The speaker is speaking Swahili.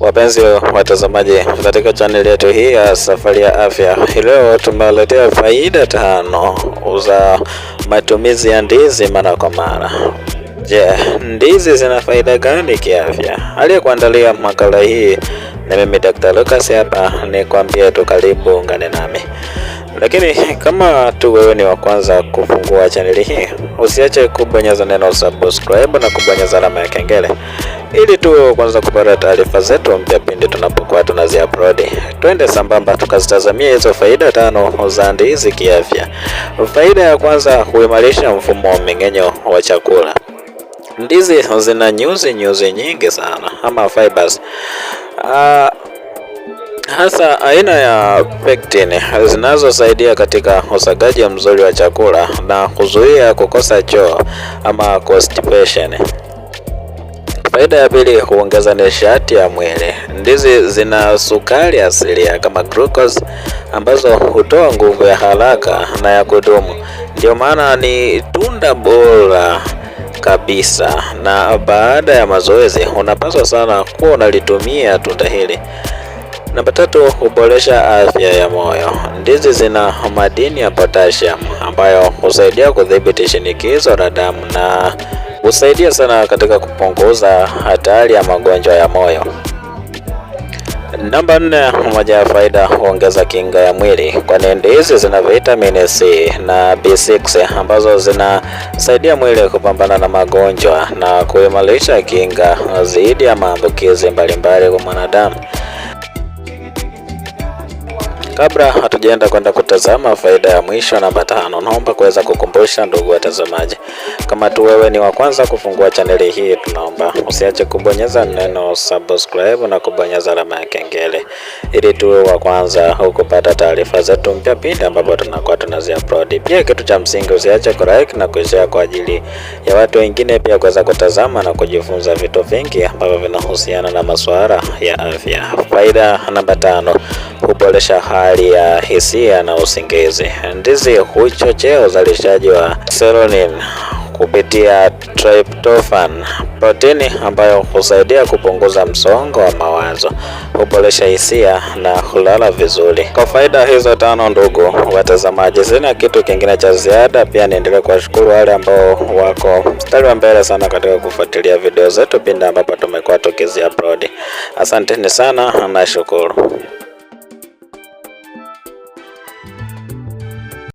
Wapenzi watazamaji, katika chaneli yetu hii ya Safari ya Afya leo tumewaletea faida tano za matumizi ya ndizi mara kwa mara. Je, ndizi zina faida gani kiafya? Aliyekuandalia makala hii na mimi Dr. Lucas hapa, nikwambie tu, karibu ungane nami. Lakini kama tu wewe ni wa kwanza kufungua chaneli hii, usiache kubonyeza neno subscribe na kubonyeza alama ya kengele ili tuwe wa kwanza kupata taarifa zetu mpya pindi tunapokuwa upload. Twende sambamba tukazitazamia hizo faida tano za ndizi kiafya. Faida ya kwanza, huimarisha mfumo wa mmeng'enyo wa chakula. Ndizi zina nyuzi nyuzi nyingi sana ama fibers. Uh, hasa aina ya pectin zinazosaidia katika usagaji mzuri wa chakula na kuzuia kukosa choo ama constipation. Faida ya pili, huongeza nishati ya mwili. Ndizi zina sukari asilia kama glucose ambazo hutoa nguvu ya haraka na ya kudumu, ndio maana ni tunda bora kabisa, na baada ya mazoezi unapaswa sana kuwa unalitumia tunda hili. Namba tatu, huboresha afya ya moyo. Ndizi zina madini ya potassium ambayo husaidia kudhibiti shinikizo la damu na husaidia sana katika kupunguza hatari ya magonjwa ya moyo. Namba nne, moja ya faida huongeza kinga ya mwili, kwani ndizi zina vitamini C na B6 ambazo zinasaidia mwili kupambana na magonjwa na kuimarisha kinga dhidi ya maambukizi mbalimbali kwa mwanadamu. Kabla hatujaenda kwenda kutazama faida ya mwisho namba tano, naomba kuweza kukumbusha ndugu watazamaji, kama tu wewe ni wa kwanza kufungua chaneli hii, tunaomba usiache kubonyeza neno subscribe na kubonyeza alama ya kengele ili tuwe wa kwanza hukupata taarifa zetu mpya pindi ambapo tunakuwa tunazi upload. Pia kitu cha msingi, usiache ku like na kushare kwa ajili ya watu wengine pia kuweza kutazama na kujifunza vitu vingi ambavyo vinahusiana na masuala ya afya. Faida namba tano kuboresha hali ya hisia na usingizi. Ndizi huchochea uzalishaji wa serotonin kupitia tryptophan, protini ambayo husaidia kupunguza msongo wa mawazo, huboresha hisia na kulala vizuri. Kwa faida hizo tano, ndugu watazamaji, sina kitu kingine cha ziada. Pia niendelee kuwashukuru wale ambao wako mstari wa mbele sana katika kufuatilia video zetu pindi ambapo tumekuwa tukizi upload. Asanteni sana, nashukuru.